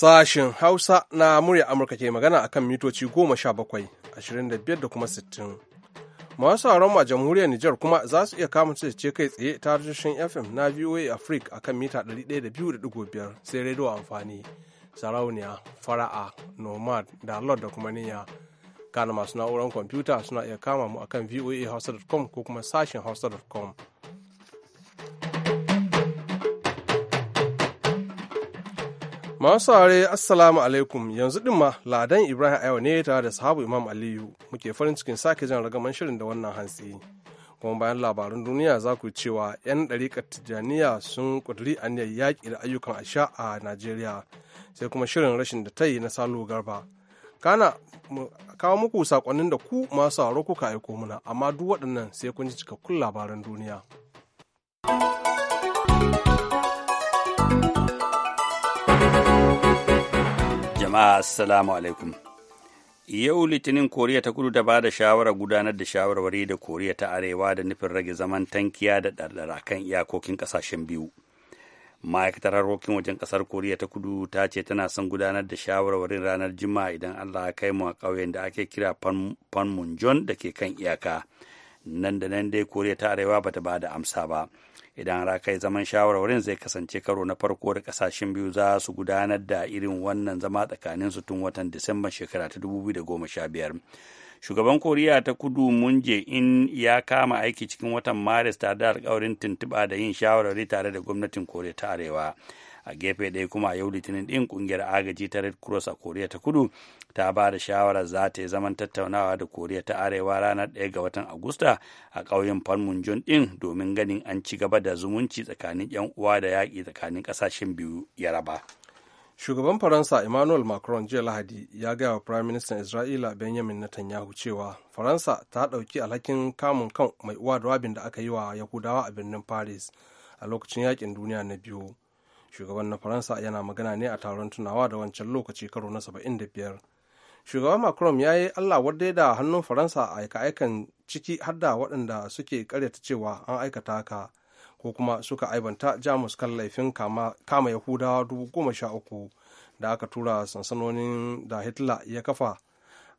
Sashen Hausa na murya Amurka ke magana akan mitoci goma sha bakwai, ashirin da biyar da kuma sittin. Masu a jamhuriyar Nijar kuma za su iya kama ce kai tsaye ta tashoshin FM na VOA Africa akan mita ɗari ɗaya da 102.5 sai rediyo amfani, sarauniya, fara'a, nomad, da lord da kuma niyya. Kana masu na'urar kwamfuta suna iya kama mu akan Hausa.com ko kuma sashen hausa.com. Masu saurare Assalamu alaikum yanzu din ma Ladan Ibrahim Ayo ne tare da sahabu Imam Aliyu muke farin cikin sake jan ragaman shirin da wannan hantsi. Kuma bayan labarun duniya za ku cewa 'yan ɗariƙar Tijjaniya sun ƙudiri aniyar yaƙi da ayyukan asha a Najeriya sai kuma shirin rashin da ta yi na Salo Garba. Kana kawo muku saƙonnin da ku masu sauraro kuka aiko muna amma duk waɗannan sai kun ji cikakkun labaran duniya. jama'a assalamu alaikum yau litinin koriya ta kudu ta ba da shawarar gudanar da shawarwari da koriya ta arewa da nufin rage zaman tankiya da ɗarɗara kan iyakokin ƙasashen biyu ma'aikatar harkokin wajen ƙasar koriya ta kudu ta ce tana son gudanar da shawarwarin ranar juma'a idan allah ya kai mu a ƙauyen da ake kira panmunjom da ke kan iyaka nan da nan dai koriya ta arewa bata ba da amsa ba idan har kai zaman shawarwarin zai kasance karo na farko da kasashen biyu za su gudanar da irin wannan zama tsakanin su tun watan disamban shekara ta 2015 shugaban koriya ta kudu munje in ya kama aiki cikin watan maris tare da alkawarin tuntuɓa da yin shawarwari tare da gwamnatin koriya ta arewa a gefe ɗaya kuma a yau litinin ɗin ƙungiyar agaji ta red cross a koriya ta kudu ta ba da shawarar za ta yi zaman tattaunawa da koriya ta arewa ranar ɗaya ga watan agusta a ƙauyen falmunjon ɗin domin ganin an ci gaba da zumunci tsakanin 'yan uwa da yaƙi tsakanin ƙasashen biyu ya raba shugaban faransa emmanuel macron jiya lahadi ya gaya wa prime minister isra'ila benjamin netanyahu cewa faransa ta ɗauki alhakin kamun kan mai uwa da rabin da aka yi wa yahudawa a birnin paris a lokacin yakin duniya na biyu shugaban na faransa yana magana ne a taron tunawa da wancan lokaci karo na 75 shugaban macron ya yi allah wadda da hannun faransa a aika-aikan ciki har da waɗanda suke karyata cewa an aikata ka ko kuma suka aibanta jamus kan laifin kama yahudawa dubu goma sha uku da aka tura sansanonin da hitler ya kafa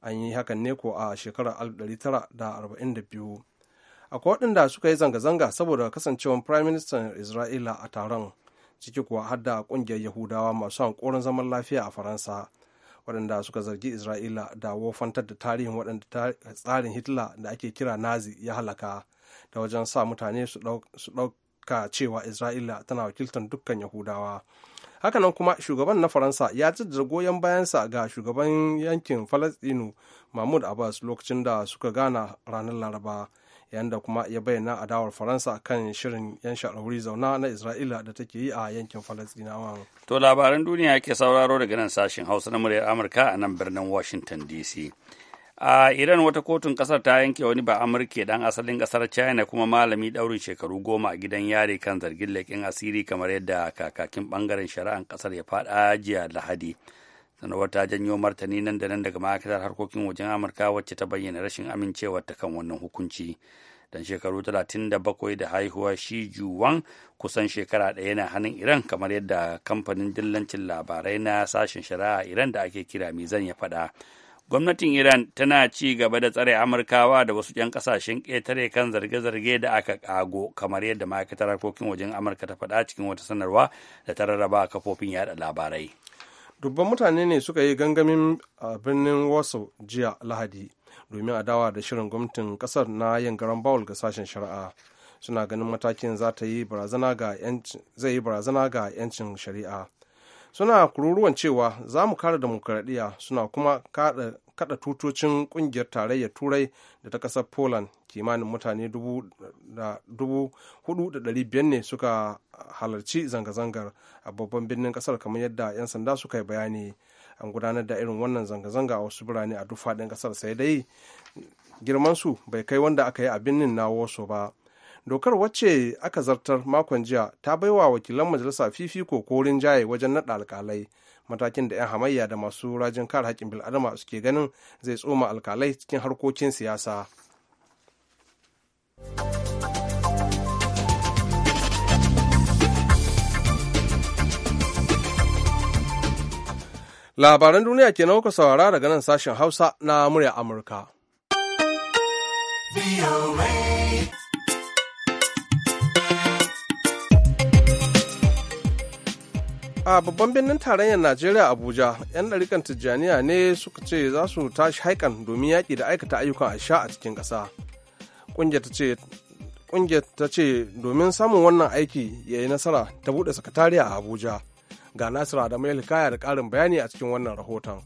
an yi hakan ne ko a shekarar 1942 akwai waɗanda suka yi zanga-zanga saboda kasancewar prime minister isra'ila a taron ciki kuwa har da ƙungiyar yahudawa masu hankorin zaman lafiya a faransa waɗanda suka zargi isra'ila da wofantar da tarihin waɗanda tsarin hitler da ake kira nazi ya halaka da wajen sa mutane su ɗauka cewa isra'ila tana wakiltar dukkan yahudawa hakanan kuma shugaban na faransa ya jaddada goyon bayansa ga shugaban yankin falastinu mahmud abbas lokacin da suka gana ranar laraba yanda kuma ya bayyana adawar faransa kan shirin yan sha'arwuri zauna na isra'ila da take yi a yankin falastinawa to labaran duniya ke sauraro daga nan sashen hausa na muryar amurka a nan birnin washington dc a iran wata kotun kasar ta yanke wani ba amurke dan asalin kasar china kuma malami daurin shekaru goma a gidan yare kan zargin leƙin asiri kamar yadda kakakin bangaren shari'an kasar ya faɗa jiya lahadi sanarwar ta janyo martani nan da nan daga ma'aikatar harkokin wajen amurka wacce ta bayyana rashin amincewar ta kan wannan hukunci dan shekaru 37 da haihuwa shi juwan kusan shekara ɗaya na hannun iran kamar yadda kamfanin dillancin labarai na sashen shari'a iran da ake kira mizan ya faɗa gwamnatin iran tana ci gaba da tsare amurkawa da wasu 'yan kasashen ƙetare kan zarge-zarge da aka kago kamar yadda ma'aikatar harkokin wajen amurka ta faɗa cikin wata sanarwa da ta rarraba kafofin yada labarai dubban mutane ne suka yi gangamin a birnin wasu jiya lahadi domin adawa da shirin gwamnatin kasar na yin garan bawul ga sashen shari'a suna ganin matakin za yi zai yi barazana ga 'yancin shari'a suna kururuwan cewa za mu kare demokuraɗiyya suna kuma kada kada tutocin kungiyar tarayyar turai da ta kasar poland kimanin mutane 4,500 ne suka halarci zanga-zangar a babban birnin kasar kamar yadda 'yan sanda suka yi bayani an gudanar da irin wannan zanga-zanga a wasu birane a duk faɗin kasar sai dai girmansu bai kai wanda aka yi a birnin na wasu ba dokar wacce aka zartar makon jiya ta baiwa wakilan majalisa fifiko ko jaye wajen naɗa alkalai matakin da 'yan hamayya da masu rajin kare haƙƙin bil'adama suke ganin zai tsoma alkalai cikin harkokin siyasa labaran duniya ke nauka saurara daga nan sashen hausa na murya amurka a babban birnin tarayyar najeriya abuja yan ɗarikan tijjaniya ne suka ce za su tashi haikan domin yaƙi da aikata ayyukan Aisha a cikin ƙasa ƙungiyar ta ce domin samun wannan aiki ya yi nasara ta buɗe sakatariya a abuja ga nasiru adamu kaya da ƙarin bayani a cikin wannan rahoton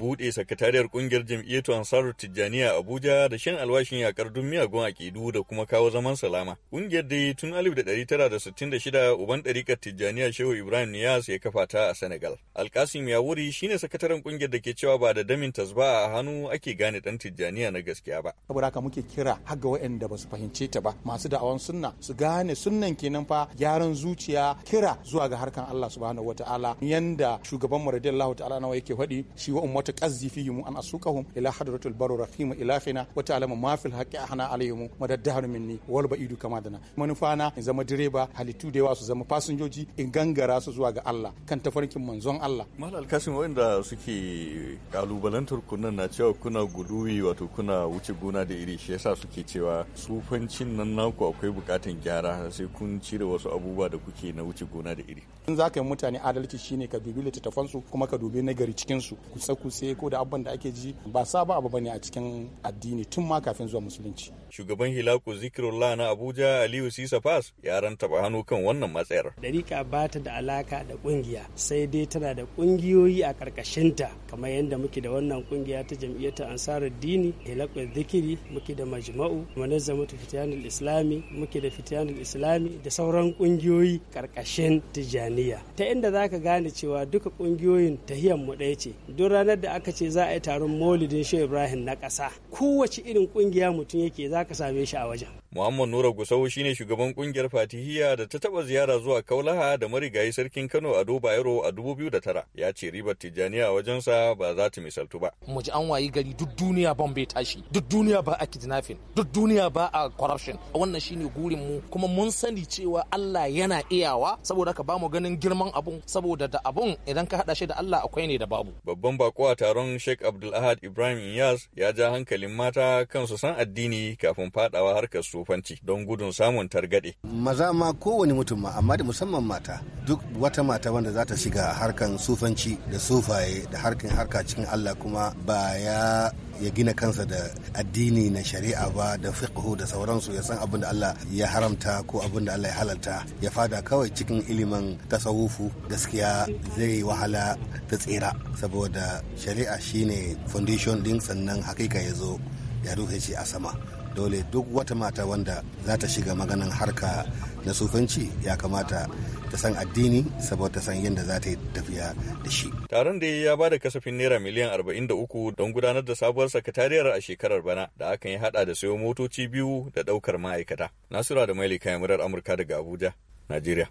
buɗe sakatariyar ƙungiyar jam'iyyatu ansarar Tijjaniya Abuja da shan alwashin yakar dun miyagun akidu da kuma kawo zaman salama. Ƙungiyar dai tun 1966 uban ɗarikar Tijjaniya Shehu Ibrahim Niyas ya kafa ta a Senegal. Alkasim wuri shine sakataren ƙungiyar da ke cewa ba da damin tasba a hannu ake gane ɗan Tijjaniya na gaskiya ba. Saboda haka muke kira har ga waɗanda ba su fahimce ta ba masu da'awan sunna su gane sunnan kenan fa gyaran zuciya kira zuwa ga harkan Allah subhanahu wataala yanda shugaban mu radiyallahu ta'ala nawa yake faɗi shi wa ummata تقزي فيهم أن أسوقهم إلى حضرة البر الرحيم إلهنا وتعلم ما في الحق أحنا عليهم مدى الدهر مني والبعيد كما دنا منفعنا in zama direba halittu da yawa su zama fasinjoji in gangara su zuwa ga Allah kan tafarkin manzon Allah. Mal alkasim wanda suke kalubalantar kunnan na cewa kuna guduwi wato kuna wuce gona da iri shi yasa suke cewa sufancin nan naku akwai bukatan gyara sai kun cire wasu abubuwa da kuke na wuce gona da iri. In za ka yi mutane adalci shine ka dubi littattafansu kuma ka dubi nagari cikinsu ku tsaku sai ko da abban da ake ji ba sabon abu bane a cikin addini tun ma kafin zuwa musulunci shugaban hilaku zikirullah na abuja aliyu sisa fas ya rantaba hannu kan wannan matsayar dariƙa ba ta da alaka da ƙungiya sai dai tana da ƙungiyoyi a ƙarƙashinta kamar yadda muke da wannan ƙungiya ta jam'iyyar ansarar dini hilaku zikiri muke da majma'u manazamatu fitiyanul islami muke da fitiyanul islami da sauran ƙungiyoyi ƙarƙashin tijaniya ta inda za ka gane cewa duka ƙungiyoyin tahiyan mu ɗaya ce duk ranar da da aka ce za a yi taron maulidin shehu ibrahim na ƙasa kowace irin ƙungiya mutum yake za ka same shi a wajen Muhammad Nura Gusau shine shugaban kungiyar Fatihiya da ta taba ziyara zuwa Kaulaha da marigayi sarkin Kano Ado Bayero a 2009 ya ce ribar Tijjaniya a wajensa ba za ta misaltu ba. Mu ji an wayi gari duk duniya ban bai tashi, duk duniya ba a kidnapping, duk duniya ba a corruption. Wannan shine gurin mu kuma mun sani cewa Allah yana iyawa saboda ka bamu ganin girman abun saboda da abun idan ka hada shi da Allah akwai ne da babu. Babban bako a taron Sheikh Abdul Ahad Ibrahim Iyas ya ja hankalin mata kansu san addini kafin fadawa harkar su sufanci don gudun samun targaɗe. Maza ma kowane mutum ma amma da musamman mata duk wata mata wanda za ta shiga harkan sufanci da sufaye da harkan harka cikin Allah kuma ba ya ya gina kansa da addini na shari'a ba da fiqhu da sauransu ya san abin da Allah ya haramta ko abin da Allah ya halalta ya fada kawai cikin ilimin tasawufu gaskiya zai wahala ta tsira saboda shari'a shine foundation din sannan hakika ya zo ya rufe shi a sama dole duk wata mata wanda za ta shiga maganin harka na sufanci ya kamata ta san addini saboda ta san yadda za ta yi tafiya da shi. Taron da ya ba da kasafin naira miliyan 43 don gudanar da sabuwar sakatariyar a shekarar bana da akan yi hada da sayo motoci biyu da daukar ma'aikata. Nasura da Maili kayan murar Amurka daga Abuja, Najeriya.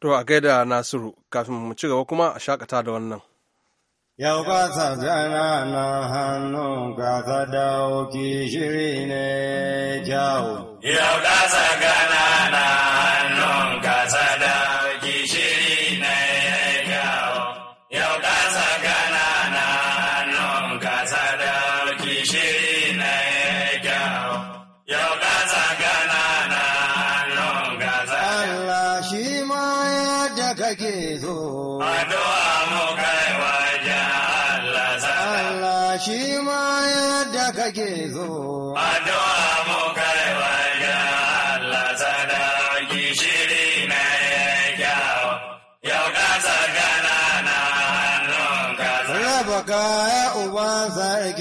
To a gaida Nasiru kafin mu ci gaba kuma a shakata da wannan. Yaukasa-gana-na-hannu-kasa-da-oki-shiri-ne-jau. yaukasa gana na kasa da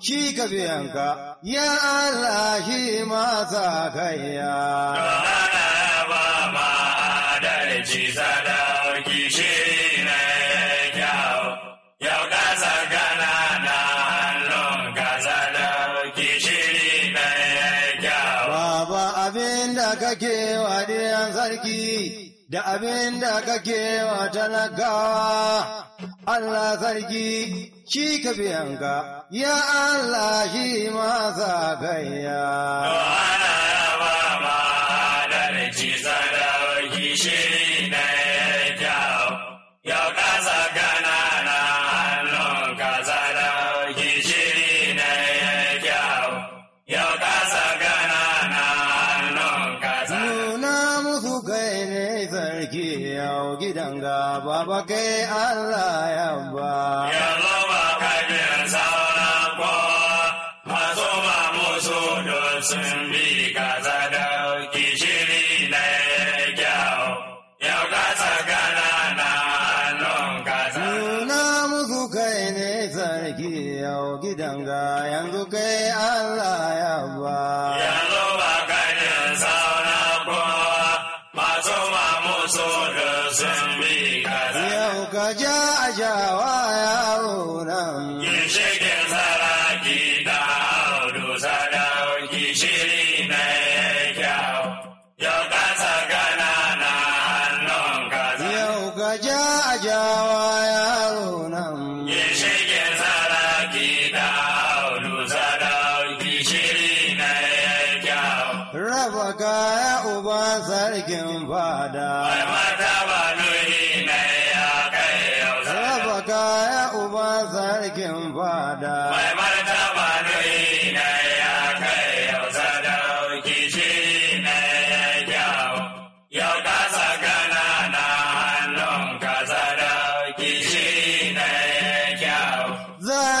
ci ka biyanka, ya Allah shi masa kaiya. ba ma adalci sadauki shi ne kyau, yau kasa gana na hannun ka sadauki shi ne kyau. Baba abin da kake wa sarki. da abin da kake wa talakawa, Allah sarki shi ka biyanka, ya Allah shi ma gayya. Abake Allah yabba. Ya جوايا ونم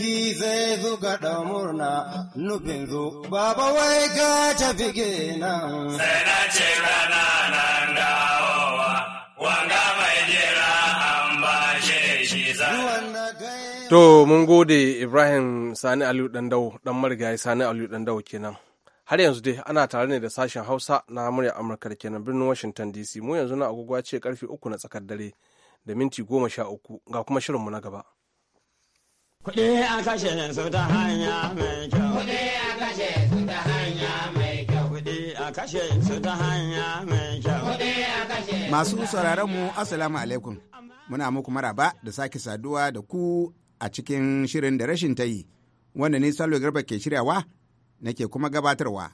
sarki zai murna nufin zo baba wai ka tafi kenan sai na ce rana nan dawowa wanga mai jira an ba shi to mun gode Ibrahim Sani Aliyu Dandau ɗan marigayi Sani Aliyu Dandau kenan har yanzu dai ana tare ne da sashen hausa na murya amurka da kenan birnin washington dc mu yanzu na agogo ce karfe uku na tsakar dare da minti goma sha uku ga kuma shirinmu na gaba Kuɗi a kashe su ta hanya mai kyau. Kuɗi a kashe su ta hanya mai kyau. Kuɗi a kashe su ta hanya mai kyau. Kuɗi a kashe Masu sauraron mu Assalamu alaikum. Muna muku maraba da sake saduwa da ku a cikin shirin da rashin ta yi, wanda ni Salo Garba ke shiryawa nake kuma gabatarwa.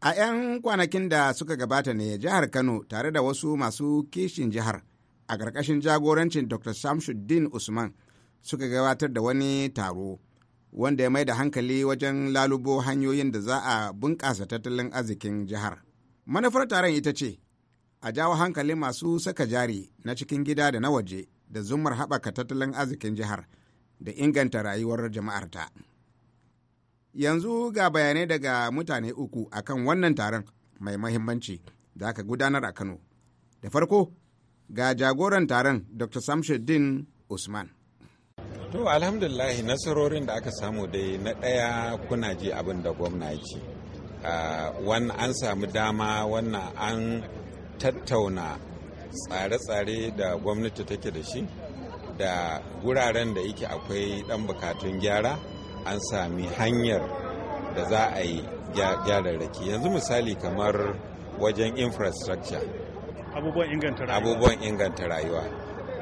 A 'yan kwanakin da suka gabata ne jihar Kano tare da wasu masu kishin jihar a ƙarƙashin jagorancin Dr. Samshuddin Usman. suka gabatar da wani taro wanda ya mai da hankali wajen lalubo hanyoyin da za a bunƙasa tattalin arzikin jihar. Manufar taron ita ce, a jawo hankali masu saka jari na cikin gida da na waje da zumar haɓaka tattalin arzikin jihar da inganta rayuwar jama'arta. Yanzu ga bayanai daga mutane uku akan wannan taron mai mahimmanci da aka gudanar a Kano. Da farko, ga jagoran taron Dr. Samshuddin Usman. To alhamdulillah nasarorin da aka samu dai na ɗaya kuna ji abin da gwamna yake. Ah, wannan an samu dama wannan an tattauna tsare-tsare da gwamnati take da shi da guraren da yake akwai ɗan bukatun gyara an sami hanyar da za a yi gyararraki. Yanzu misali kamar wajen infrastructure. inganta rayuwa. Abubuwan inganta rayuwa.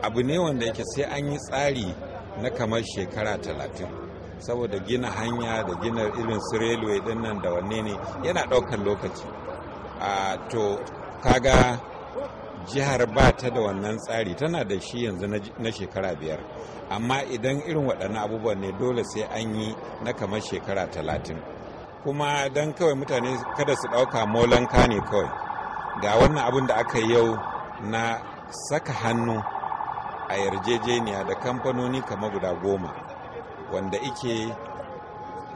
Abu ne wanda yake sai an yi tsari na kamar shekara talatin saboda gina hanya da gina irin su railway din nan da wanne ne yana ɗaukar lokaci a to kaga jihar ba ta da wannan tsari tana da shi yanzu na shekara biyar amma idan irin waɗannan abubuwa ne dole sai an yi na kamar shekara talatin kuma don kawai mutane kada su ɗauka molanka ne kawai ga wannan abin da aka yi yau na saka hannu a yarjejeniya da kamfanoni kamar guda goma wanda ike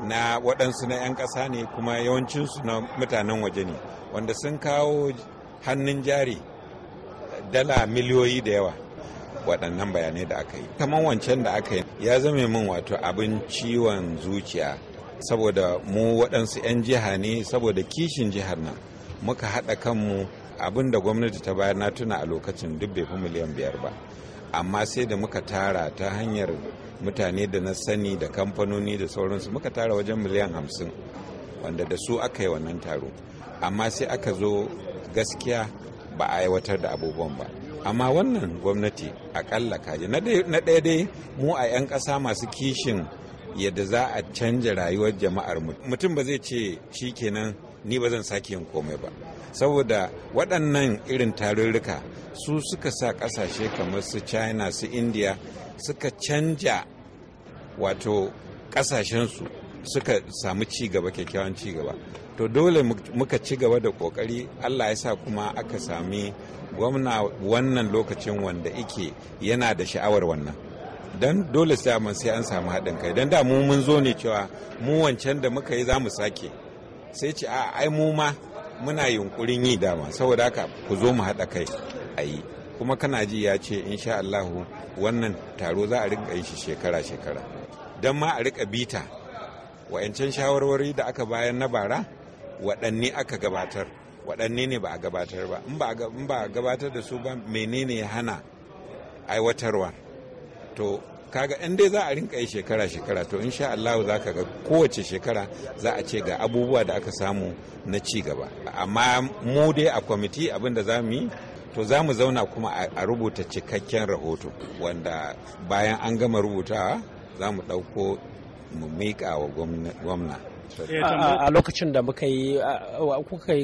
na waɗansu na 'yan ƙasa ne kuma yawancinsu na mutanen waje ne wanda sun kawo hannun jari dala miliyoyi da yawa waɗannan bayanai da aka yi kamar wancan da aka yi ya zama min wato abin ciwon zuciya saboda mu waɗansu 'yan jiha ne saboda kishin jihar nan muka haɗa kanmu abin da gwamnati ta bayar na tuna a lokacin duk bai fi miliyan biyar ba amma sai da muka tara ta hanyar mutane da na sani da kamfanoni da sauransu muka tara wajen miliyan hamsin wanda da su aka yi wannan taro amma sai aka zo gaskiya ba a aiwatar da abubuwan ba amma wannan gwamnati akalla kaji na ɗaya dai mu a 'yan ƙasa masu kishin yadda za a canja rayuwar jama'ar mutum ba zai ce shi kenan ni ba zan sake yin komai ba saboda waɗannan irin tarurruka su suka sa ƙasashe kamar su china su india suka canja wato ƙasashensu suka samu ci gaba kyakkyawan ci gaba to dole muka ci gaba da kokari allah ya sa kuma aka sami gwamna wannan lokacin wanda ike yana da sha'awar wannan don dole sai sai an samu haɗin kai don da mu mun zo ne cewa mu wancan da muka yi za mu sake sai ce a ai mu ma muna yunkurin yi dama saboda haka ku zo mu haɗa kai a yi kuma kana ji ya ce insha Allahu wannan taro za a rinka yin shi shekara-shekara don ma a rika bita wa'ancan shawarwari da aka bayan na bara waɗanne aka gabatar waɗanne ne ba a gabatar ba in ba a gabatar da su ba menene ya hana aiwatarwa to kaga in dai za a rinka yi shekara shekara to insha Allah za ka ga kowace shekara za a ce ga abubuwa da aka samu na ci gaba amma mu dai a kwamiti abin da za mu yi to za mu zauna kuma a rubuta cikakken rahoto wanda bayan an gama rubutawa za mu ɗauko mu miƙa wa gwamna eh, a lokacin da muka yi kuka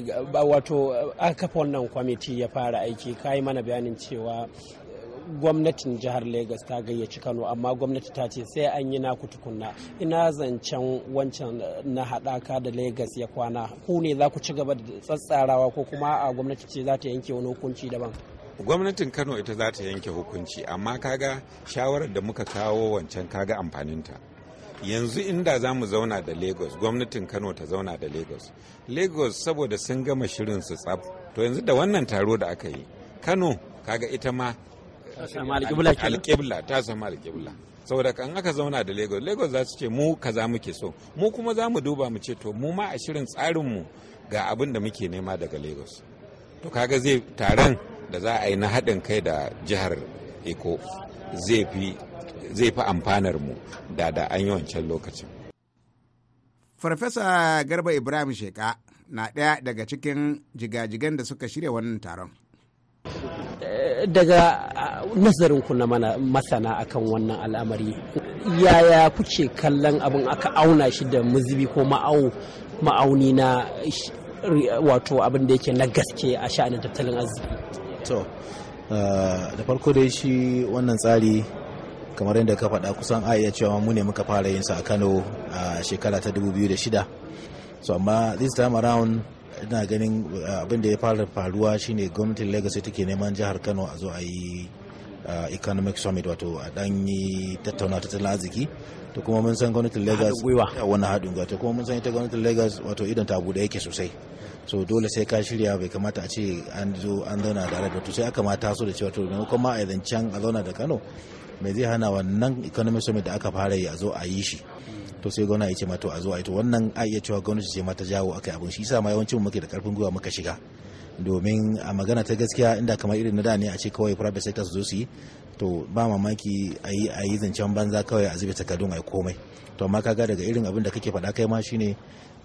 wato aka kafa wannan kwamiti ya fara aiki ka yi mana bayanin cewa gwamnatin jihar Legas ta gayyaci Kano amma gwamnati ta ce sai an yi naku tukunna ina zancen wancan eh, na haɗaka da Legas ya kwana ku ne za ku ci gaba da tsatsarawa ko kuma a gwamnati ce za ta yanke wani hukunci daban gwamnatin Kano ita za ta yanke hukunci amma kaga shawarar da muka kawo wancan kaga amfaninta yanzu inda za mu zauna da lagos gwamnatin kano ta zauna da lagos lagos saboda sun gama shirin su tsaf to yanzu da wannan taro da aka yi kano kaga ita ma alƙibla ta zama alƙibla saboda kan aka zauna da lagos lagos za su ce mu kaza muke so mu kuma za mu duba mu ce to mu ma a shirin tsarinmu ga abin da muke nema daga lagos to kaga zai taron da za a yi na haɗin kai da jihar eko zai fi amfanar mu da da an yi wancan lokacin farfesa garba ibrahim sheka na ɗaya daga cikin jigajigan da suka shirya wannan taron daga uh, nazarin ku na masana akan wannan al'amari yaya kuke kallon abin aka auna shi da muzibi ko ma'auni na wato abin da yake na gaske a sha'anin tattalin arziki to uh, da farko dai shi wannan tsari kamar yadda ka faɗa kusan a iya cewa mu ne muka fara yin sa a kano a shekara ta 2006 so amma this time around ina ganin uh, abin da ya fara faruwa shine gwamnatin legacy take neman jihar kano a zo a yi uh, economic summit wato a dan yi tattauna tattalin arziki to kuma mun san gwamnatin wani haɗin gwiwa to kuma mun san ita gwamnatin legas wato idan ta bude yake sosai so dole sai ka shirya bai kamata a ce an zo an zauna da rai to sai aka ma taso da cewa to ma a zancen a zauna da kano mai zai hana wannan economic summit da aka fara yi a zo a yi shi to sai gwamnati ce ma a zo a to wannan a iya cewa gwamnati ce ma ta jawo akai abin shi yasa ma yawancin muke da karfin gwiwa muka shiga domin a magana ta gaskiya inda kamar irin na da ne a ce kawai private sector su zo su yi to ba mamaki a yi a yi zancen banza kawai a zube takardun a yi komai to amma kaga daga irin abin da kake faɗa kai ma shine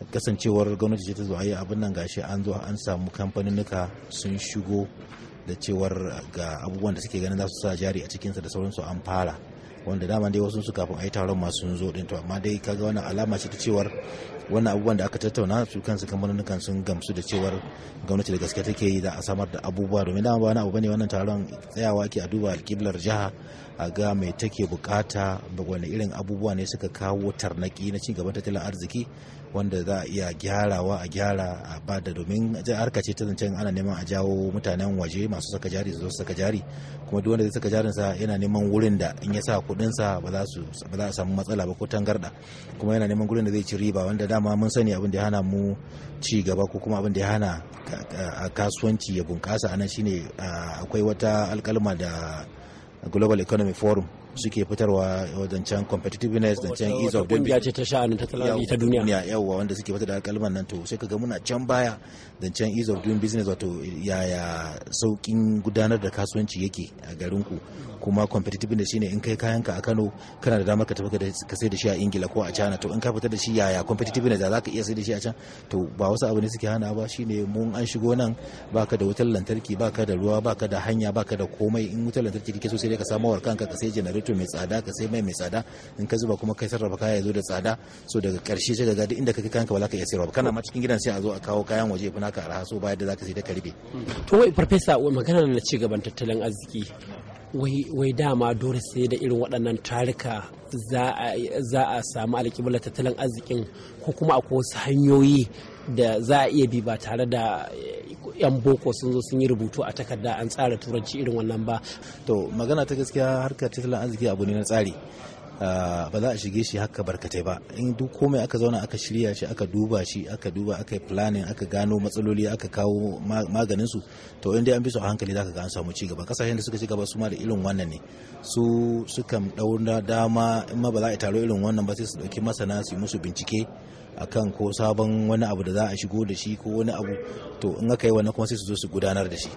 kasancewar gwamnati ce ta zo a yi abin nan gashi an zo an samu kamfaninnuka sun shigo da cewar ga abubuwan da suke ganin za su sa jari a cikinsa da sauransu an fara wanda dama dai wasu su kafin a yi taron masu zo din to amma dai kaga wannan alama ce ta cewar wannan abubuwan da aka tattauna su kansu kamfanonin sun gamsu da cewar gwamnati da gaske take yi za a samar da abubuwa domin dama ba wani abu bane wannan taron tsayawa ke a duba alkiblar jiha a ga mai take bukata wani irin abubuwa ne suka kawo tarnaki na ci gaban tattalin arziki wanda za a iya gyarawa a gyara a bada domin harka ce ta zancen ana neman a jawo mutanen waje masu saka jari su saka jari kuma duk wanda zai saka sa yana neman wurin da in ya sa kuɗinsa ba za a samu matsala ba ko tangarda kuma yana neman gurin da zai ci riba wanda dama mun sani abin da ya hana mu ci gaba ko kuma abin da ya hana a kasuwanci ya bunkasa anan shine akwai wata alkalma da global economy forum suke fitarwa wadancan competitiveness can ease of doing business ta sha'anin tattalin ta duniya yawa wanda suke fitar da kalman nan to sai kaga muna can baya can ease of doing business wato yaya saukin gudanar da kasuwanci yake a garin ku kuma competitiveness shine in kai kayan ka a Kano kana da damar ka tafi ka sai da shi a Ingila ko a China to in ka fitar da shi yaya competitiveness za ka iya sai da shi a can to ba wasu abu ne suke hana ba shine mun an shigo nan baka da wutar lantarki baka da ruwa baka da hanya baka da komai in wutar lantarki kake so sai ka samu kanka ka sai fetur eh, mai tsada ka sai mai mai tsada in ka zuba kuma kai sarrafa kaya ya zo da tsada so daga karshe sai daga inda ka kai kanka ba za ka iya sayarwa kana ma cikin gidan sai a zo a kawo kayan waje fa naka arha so bayan da za ka sai da karbe to wai farfesa magana na ci gaban tattalin arziki wai dama dole sai da irin waɗannan tarika za a samu alƙiblar tattalin arzikin ko kuma akwai wasu hanyoyi da za a iya bi ba tare da 'yan boko sun zo sun yi rubutu a takarda an tsara turanci irin wannan ba to magana ta gaskiya harkar tattalin arziki abu ne na tsari ah, ba za a shige shi haka barkatai ba in duk komai aka zauna aka shirya shi aka duba shi aka duba aka yi planning aka gano matsaloli aka kawo maganin su to in dai an bi su a hankali zaka ga an samu ci gaba kasashen da suka ci gaba su ma da irin wannan ne su suka dauna dama in ma ba za a taro irin wannan ba sai su dauki masana su yi musu bincike akan ko sabon wani abu da za a shigo da shi ko wani abu to in aka yi wannan kuma sai su zo su gudanar da shi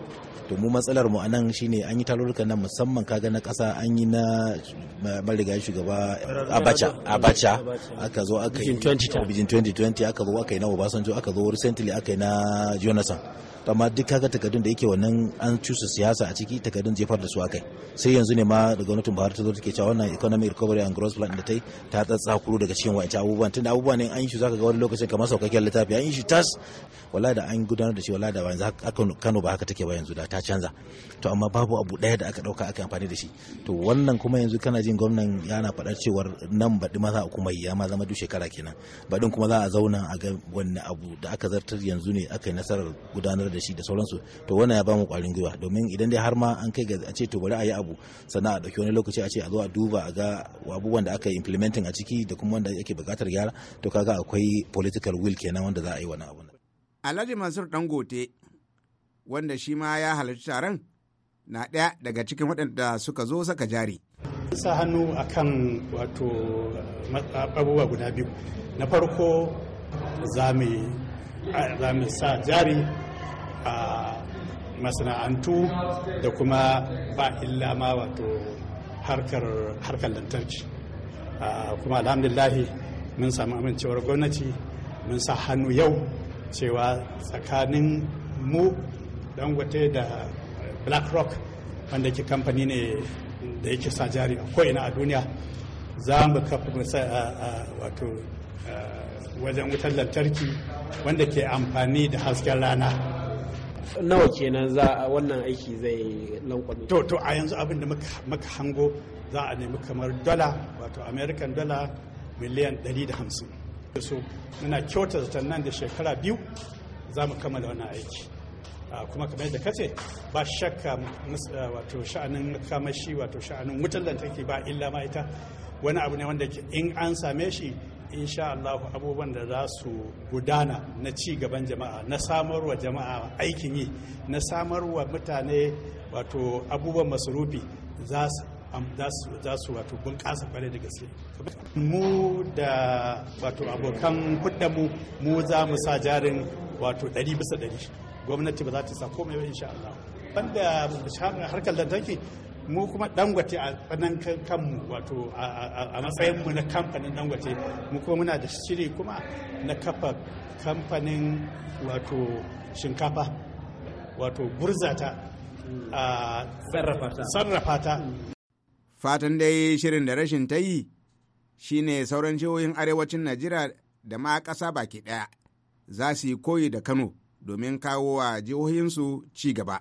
to mu matsalar mu anan shine an yi tarurruka nan musamman kaga na kasa an yi na marigayi shugaba abacha abacha aka zo aka yi 2020 aka zo aka yi na obasanjo aka zo recently aka yi na jonathan amma duk kaga takardun da yake wannan an cusa siyasa a ciki takardun jefar da su akai sai yanzu ne ma da gwamnatin Buhari ta zo take cewa wannan economic recovery and growth plan da ta yi ta tsatsakuro daga cikin wa'ancan abubuwan tunda abubuwan ne an yi shi zaka ga wani lokacin kamar saukakken littafi an yi shi tas wala da an gudanar da shi wala da ba yanzu Kano ba haka take ba yanzu da ta canza to amma babu abu daya da aka dauka aka amfani da shi to wannan kuma yanzu kana jin gwamnan yana faɗar cewar nan baɗi ma za a kuma yi ya ma zama duk shekara kenan baɗin kuma za a zauna a ga wani abu da aka zartar yanzu ne aka yi nasarar gudanar da shi da sauransu to wannan ya ba mu kwarin gwiwa domin idan dai har ma an kai ga a ce to bari a yi abu sannan a ɗauki wani lokaci a ce a zo a duba a ga abubuwan da aka yi implementing a ciki da kuma wanda ake buƙatar gyara to kaga akwai political will kenan wanda za a yi wani abu Alhaji Mansur Dangote wanda shi ma ya halarci taron na ɗaya daga cikin waɗanda suka zo saka jari. sa hannu a kan wato abubuwa guda biyu na farko za mu sa jari a masana'antu da kuma ba illa ma wato harkar lantarki kuma alhamdulillahi mun samu amincewar gwamnati mun sa hannu yau cewa tsakanin mu dangote da blackrock wanda ke kamfani ne da yake sa jari a ko'ina a duniya za mu kafa wato wajen wutar lantarki wanda ke amfani da hasken rana nawa kenan za wannan aiki zai lankwami to to a yanzu abin da muka hango za a nemi kamar dola wato american dola miliyan 150 so muna kyauta zaton nan da shekara biyu za mu kammala wannan aiki ah, kuma kamar yadda kace ba shakka ah, wato sha'anin kamashi wato sha'anin wutar lantarki ba illa ma ita wani abu ne wanda in an same shi insha Allah abubuwan da za su gudana na ci gaban jama'a na samarwa jama'a aikin yi na samarwa mutane wato abubuwan masurufi za su za su wato bunƙasa kwarai da gaske mu da wato abokan hudamu mu za mu sa jarin wato ɗari bisa ɗari gwamnati ba za ta sa komai ba insha Allah banda harkar lantarki mu kuma dangwate a fanan kanmu wato a matsayin mu na kamfanin dangwate mu kuma muna da shiri kuma na kafa kamfanin wato shinkafa wato gurzata a sarrafa ta fatan dai shirin da rashin ta yi shine sauran jihohin arewacin najeriya da ma ƙasa baki ɗaya za su yi koyi da kano domin kawo wa jihohinsu ci gaba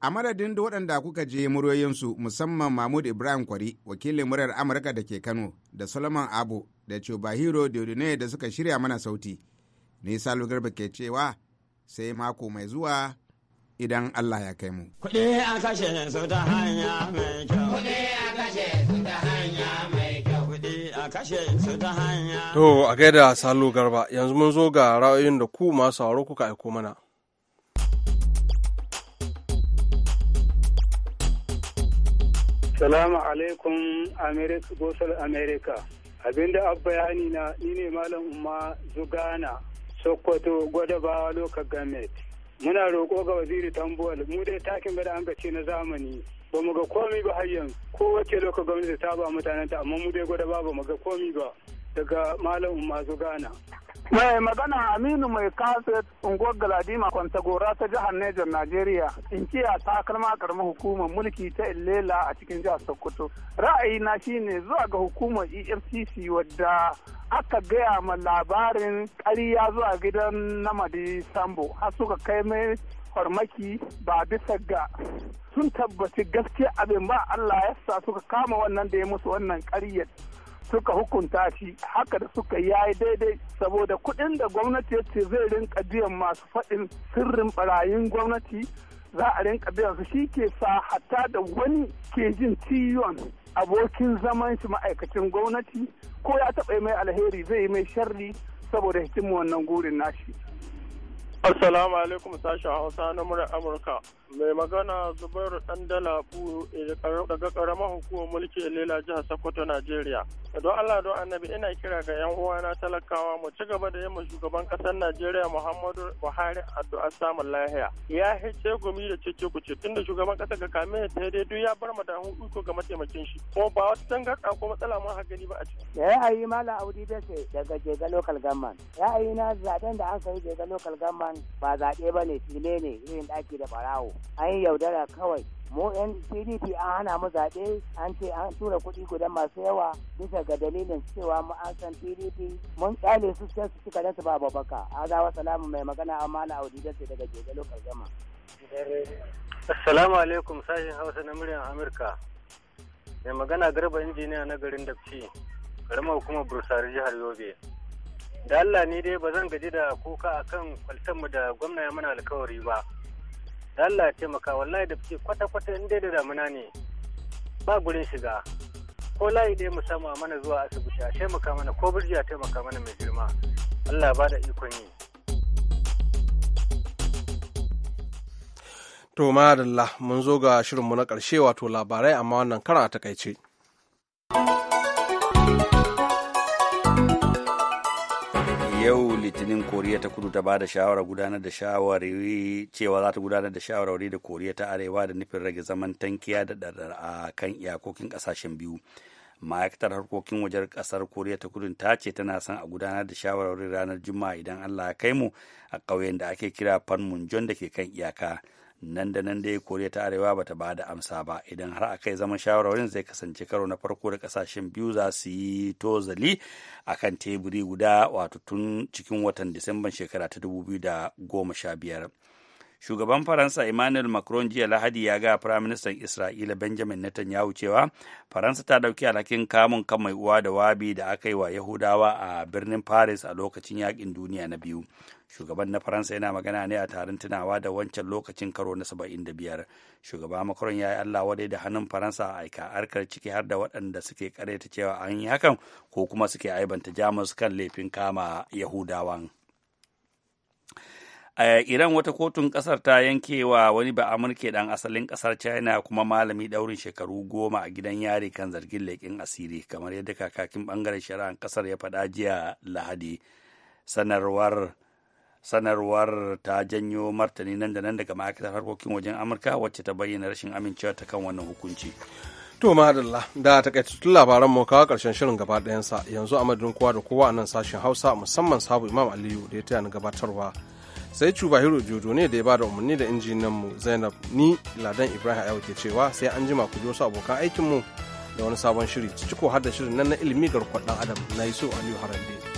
a madadin da waɗanda kuka je muryoyinsu musamman mahmud ibrahim kwari wakilin murar amurka da ke kano da solomon abu da cobahiro diodone da suka shirya mana sauti ni salu garba ke cewa sai mako mai zuwa idan allah ya kai mu kuɗi a kashe ta hanya mai kyau To a gaida Salo Garba yanzu mun zo ga ra'ayoyin da ku masu sauraro kuka aiko mana. Salamu alaikum America Gosal America. Abinda abba yani na ni ne Malam Umma Zugana Sokoto Gwadabawa loka gamet. Muna roƙo ga waziri tambuwal mu dai takin gada an ce na zamani ba mu ga komi ba har yanzu ko wace loka gwamnati ta ba mutanen ta amma mu dai gwada ba mu ga komi ba daga malamin masu gana mai magana aminu mai kaset unguwar galadima kwantagora ta jihar Nejar najeriya in ta kalma karamar hukumar mulki ta illela a cikin jihar sokoto ra'ayina shine zuwa ga hukumar efcc wadda aka gaya ma labarin ƙarya zuwa gidan namadi sambo har suka kai mai farmaki ba bisa ga sun tabbaci gaskiya abin ba Allah ya sa suka kama wannan da ya musu wannan ƙaryar suka hukunta shi haka da suka yayi daidai saboda kuɗin da gwamnati ya ce zai rinka biyan masu faɗin sirrin barayin gwamnati za a rinka biyan su shi ke sa hatta da wani ke jin ciwon abokin zaman shi ma'aikacin gwamnati ko ya taɓa mai alheri zai yi mai sharri saboda hikimin wannan gurin nashi Assalamu alaikum sashen Hausa na murar Amurka. Mai magana Zubairu ɗan Dala Buru eh, daga ƙaramar hukumar mulki Lela jihar Sokoto, Najeriya. Don Allah don Annabi ina kira ga yan uwana talakawa mu ci gaba da yamma shugaban ƙasar Najeriya Muhammadu Buhari addu'a samun lahiya. Ya hice gumi da cece kuce tunda shugaban ƙasar ga kame ta dai duk ya bar madahun iko ga mataimakin shi. Ko ba wata gaɗa ko matsala mun haka ba a ciki. ya ayi Malam Audi Bese daga Jega Local Government. ayi na zaben da an sayi Jega Local Government ba zaɓe ba ne file ne irin ɗaki da ɓarawo an yi yaudara kawai mu yan pdp an hana mu zaɓe an ce an tura kuɗi guda masu yawa bisa ga dalilin cewa mu an san pdp mun tsale su sai su cika nasu ba babaka azawa salamu mai magana amana audi da daga lokal gama. assalamu alaikum sashen hausa na muryar amurka mai magana garba injiniya na garin dapci karamar hukumar bursari jihar yobe da Allah ne dai ba zan gaji da kuka akan mu da gwamna ya mana alkawari ba da Allah taimaka wallahi da fice kwata-kwata in dai da damuna ne ba gurin shiga ko layi dai mu samu a mana zuwa asibiti a taimaka mana ko birji a taimaka mana mai girma Allah ba da ikon yi. To madalla mun zo ga shirin mu na ƙarshe wato labarai amma wannan karan a takaice. yau litinin koriya ta kudu ta ba da shawara gudanar da shawari cewa za ta gudanar da shawarwari da koriya ta arewa da nufin rage zaman tankiya da a kan iyakokin ƙasashen biyu ma'aikatar harkokin wajen ƙasar koriya ta kudu ta ce tana son a gudanar da shawarwari ranar juma'a idan allah ya kai mu a ƙauyen da ake kira panmunjom da ke kan iyaka nan da nan dai koriya ta arewa bata ba da amsa ba idan har aka yi zaman shawarwarin zai kasance karo na farko da kasashen biyu za su yi tozali a kan teburi guda wato tun cikin watan disamban shekara ta 2015 shugaban faransa emmanuel macron jiya lahadi ya ga firaministan isra'ila benjamin netanyahu cewa faransa ta dauki alhakin kamun kan mai uwa da wabi da aka yi wa yahudawa a birnin paris a lokacin yakin duniya na biyu shugaban na faransa yana magana ne a taron tunawa da wancan lokacin karo na 75 shugaban macron ya yi allah wadai da hannun faransa a aika arkar ciki har da waɗanda suke kareta cewa an yi hakan ko kuma suke aibanta jamus kan laifin kama yahudawan a eh, iran wata kotun kasar ta yankewa wani ba amurke dan asalin kasar china kuma malami daurin shekaru goma a gidan yari kan zargin leƙin asiri kamar yadda kakakin bangaren shari'a kasar ya faɗa jiya lahadi sanarwar sanarwar ta janyo martani nan da nan daga ma'aikatar harkokin wajen amurka wacce ta bayyana rashin amincewa ta kan wannan hukunci to madalla da takaitattun labaran mu kawo karshen shirin gaba ɗayansa yanzu a madadin kowa da kowa a nan sashen hausa musamman sabu imam aliyu da ya taya ni gabatarwa sai cuba hiro jojo ne da ya bada umarni da injinan mu zainab ni ladan ibrahim ayawa ke cewa sai an jima ku wasu abokan aikinmu da wani sabon shiri ciko har da shirin nan na ilimi garkwar dan adam na yi so aliyu harande.